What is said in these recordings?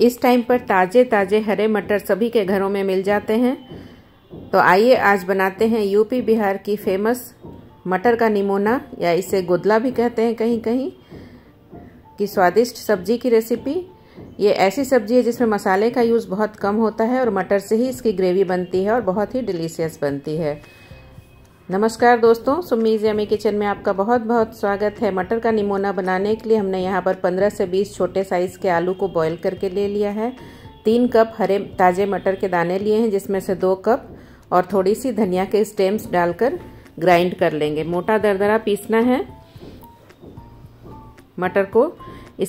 इस टाइम पर ताज़े ताज़े हरे मटर सभी के घरों में मिल जाते हैं तो आइए आज बनाते हैं यूपी बिहार की फेमस मटर का निमोना या इसे गुदला भी कहते हैं कहीं कहीं की स्वादिष्ट सब्जी की रेसिपी ये ऐसी सब्जी है जिसमें मसाले का यूज़ बहुत कम होता है और मटर से ही इसकी ग्रेवी बनती है और बहुत ही डिलीशियस बनती है नमस्कार दोस्तों सुमीज यमी किचन में आपका बहुत बहुत स्वागत है मटर का निमोना बनाने के लिए हमने यहाँ पर 15 से 20 छोटे साइज़ के आलू को बॉईल करके ले लिया है तीन कप हरे ताज़े मटर के दाने लिए हैं जिसमें से दो कप और थोड़ी सी धनिया के स्टेम्स डालकर ग्राइंड कर लेंगे मोटा दरदरा पीसना है मटर को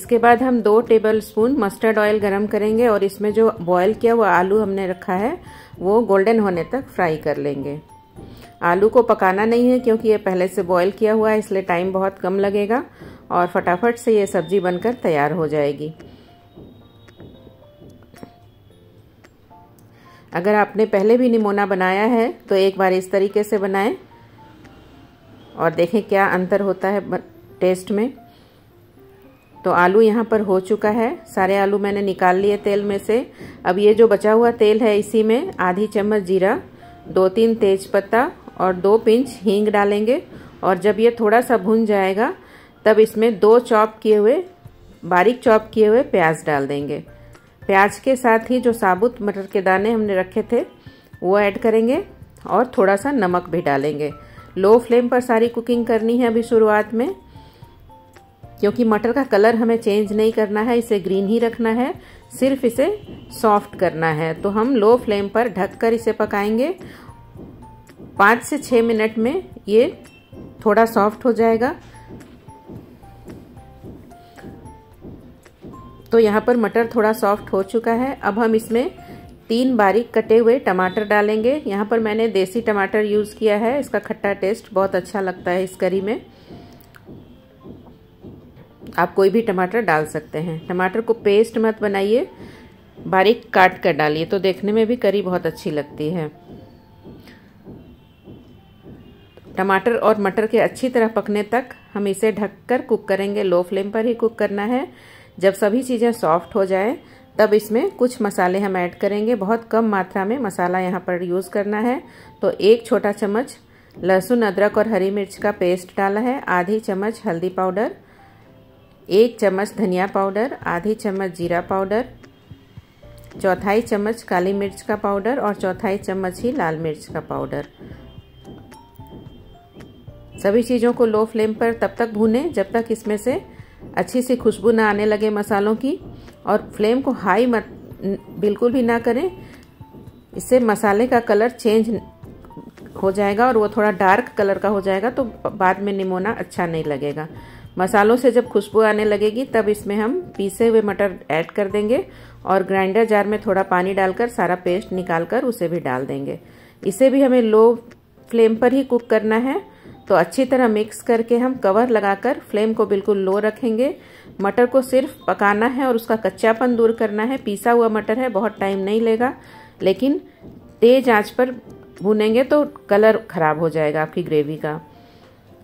इसके बाद हम दो टेबल स्पून मस्टर्ड ऑयल गरम करेंगे और इसमें जो बॉयल किया हुआ आलू हमने रखा है वो गोल्डन होने तक फ्राई कर लेंगे आलू को पकाना नहीं है क्योंकि ये पहले से बॉईल किया हुआ है इसलिए टाइम बहुत कम लगेगा और फटाफट से ये सब्जी बनकर तैयार हो जाएगी अगर आपने पहले भी निमोना बनाया है तो एक बार इस तरीके से बनाएं और देखें क्या अंतर होता है टेस्ट में तो आलू यहाँ पर हो चुका है सारे आलू मैंने निकाल लिए तेल में से अब ये जो बचा हुआ तेल है इसी में आधी चम्मच जीरा दो तीन तेज पत्ता और दो पिंच हींग डालेंगे और जब ये थोड़ा सा भुन जाएगा तब इसमें दो चॉप किए हुए बारीक चॉप किए हुए प्याज डाल देंगे प्याज के साथ ही जो साबुत मटर के दाने हमने रखे थे वो ऐड करेंगे और थोड़ा सा नमक भी डालेंगे लो फ्लेम पर सारी कुकिंग करनी है अभी शुरुआत में क्योंकि मटर का कलर हमें चेंज नहीं करना है इसे ग्रीन ही रखना है सिर्फ इसे सॉफ्ट करना है तो हम लो फ्लेम पर ढककर इसे पकाएंगे पाँच से छः मिनट में ये थोड़ा सॉफ्ट हो जाएगा तो यहाँ पर मटर थोड़ा सॉफ्ट हो चुका है अब हम इसमें तीन बारीक कटे हुए टमाटर डालेंगे यहाँ पर मैंने देसी टमाटर यूज़ किया है इसका खट्टा टेस्ट बहुत अच्छा लगता है इस करी में आप कोई भी टमाटर डाल सकते हैं टमाटर को पेस्ट मत बनाइए बारीक काट कर डालिए तो देखने में भी करी बहुत अच्छी लगती है टमाटर और मटर के अच्छी तरह पकने तक हम इसे ढककर कुक करेंगे लो फ्लेम पर ही कुक करना है जब सभी चीज़ें सॉफ्ट हो जाए तब इसमें कुछ मसाले हम ऐड करेंगे बहुत कम मात्रा में मसाला यहाँ पर यूज़ करना है तो एक छोटा चम्मच लहसुन अदरक और हरी मिर्च का पेस्ट डाला है आधी चम्मच हल्दी पाउडर एक चम्मच धनिया पाउडर आधी चम्मच जीरा पाउडर चौथाई चम्मच काली मिर्च का पाउडर और चौथाई चम्मच ही लाल मिर्च का पाउडर सभी चीज़ों को लो फ्लेम पर तब तक भूनें जब तक इसमें से अच्छी सी खुशबू ना आने लगे मसालों की और फ्लेम को हाई मत बिल्कुल भी ना करें इससे मसाले का कलर चेंज हो जाएगा और वो थोड़ा डार्क कलर का हो जाएगा तो बाद में निमोना अच्छा नहीं लगेगा मसालों से जब खुशबू आने लगेगी तब इसमें हम पीसे हुए मटर ऐड कर देंगे और ग्राइंडर जार में थोड़ा पानी डालकर सारा पेस्ट निकाल कर उसे भी डाल देंगे इसे भी हमें लो फ्लेम पर ही कुक करना है तो अच्छी तरह मिक्स करके हम कवर लगाकर फ्लेम को बिल्कुल लो रखेंगे मटर को सिर्फ पकाना है और उसका कच्चापन दूर करना है पीसा हुआ मटर है बहुत टाइम नहीं लेगा लेकिन तेज आंच पर भूनेंगे तो कलर ख़राब हो जाएगा आपकी ग्रेवी का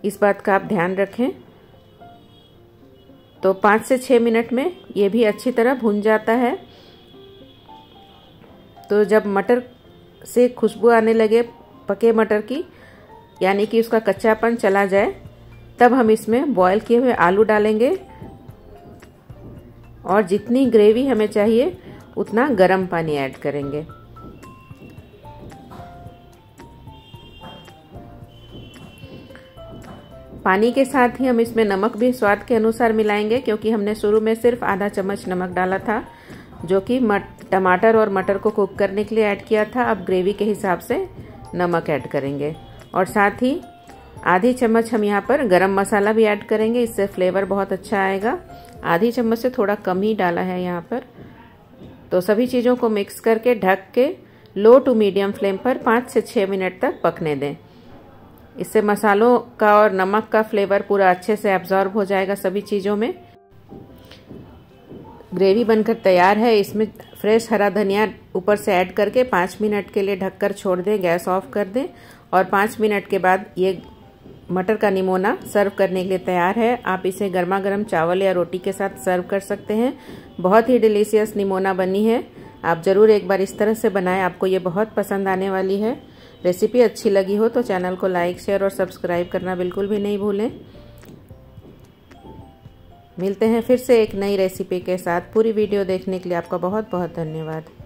इस बात का आप ध्यान रखें तो पाँच से छः मिनट में ये भी अच्छी तरह भुन जाता है तो जब मटर से खुशबू आने लगे पके मटर की यानी कि उसका कच्चापन चला जाए तब हम इसमें बॉयल किए हुए आलू डालेंगे और जितनी ग्रेवी हमें चाहिए उतना गर्म पानी ऐड करेंगे पानी के साथ ही हम इसमें नमक भी स्वाद के अनुसार मिलाएंगे क्योंकि हमने शुरू में सिर्फ आधा चम्मच नमक डाला था जो कि टमाटर और मटर को कुक करने के लिए ऐड किया था अब ग्रेवी के हिसाब से नमक ऐड करेंगे और साथ ही आधी चम्मच हम यहाँ पर गरम मसाला भी ऐड करेंगे इससे फ्लेवर बहुत अच्छा आएगा आधी चम्मच से थोड़ा कम ही डाला है यहाँ पर तो सभी चीज़ों को मिक्स करके ढक के लो टू मीडियम फ्लेम पर पाँच से छः मिनट तक पकने दें इससे मसालों का और नमक का फ्लेवर पूरा अच्छे से एब्जॉर्ब हो जाएगा सभी चीज़ों में ग्रेवी बनकर तैयार है इसमें फ्रेश हरा धनिया ऊपर से ऐड करके पाँच मिनट के लिए ढककर छोड़ दें गैस ऑफ कर दें और पाँच मिनट के बाद ये मटर का निमोना सर्व करने के लिए तैयार है आप इसे गर्मा गर्म चावल या रोटी के साथ सर्व कर सकते हैं बहुत ही डिलीशियस निमोना बनी है आप ज़रूर एक बार इस तरह से बनाएं आपको ये बहुत पसंद आने वाली है रेसिपी अच्छी लगी हो तो चैनल को लाइक शेयर और सब्सक्राइब करना बिल्कुल भी नहीं भूलें मिलते हैं फिर से एक नई रेसिपी के साथ पूरी वीडियो देखने के लिए आपका बहुत बहुत धन्यवाद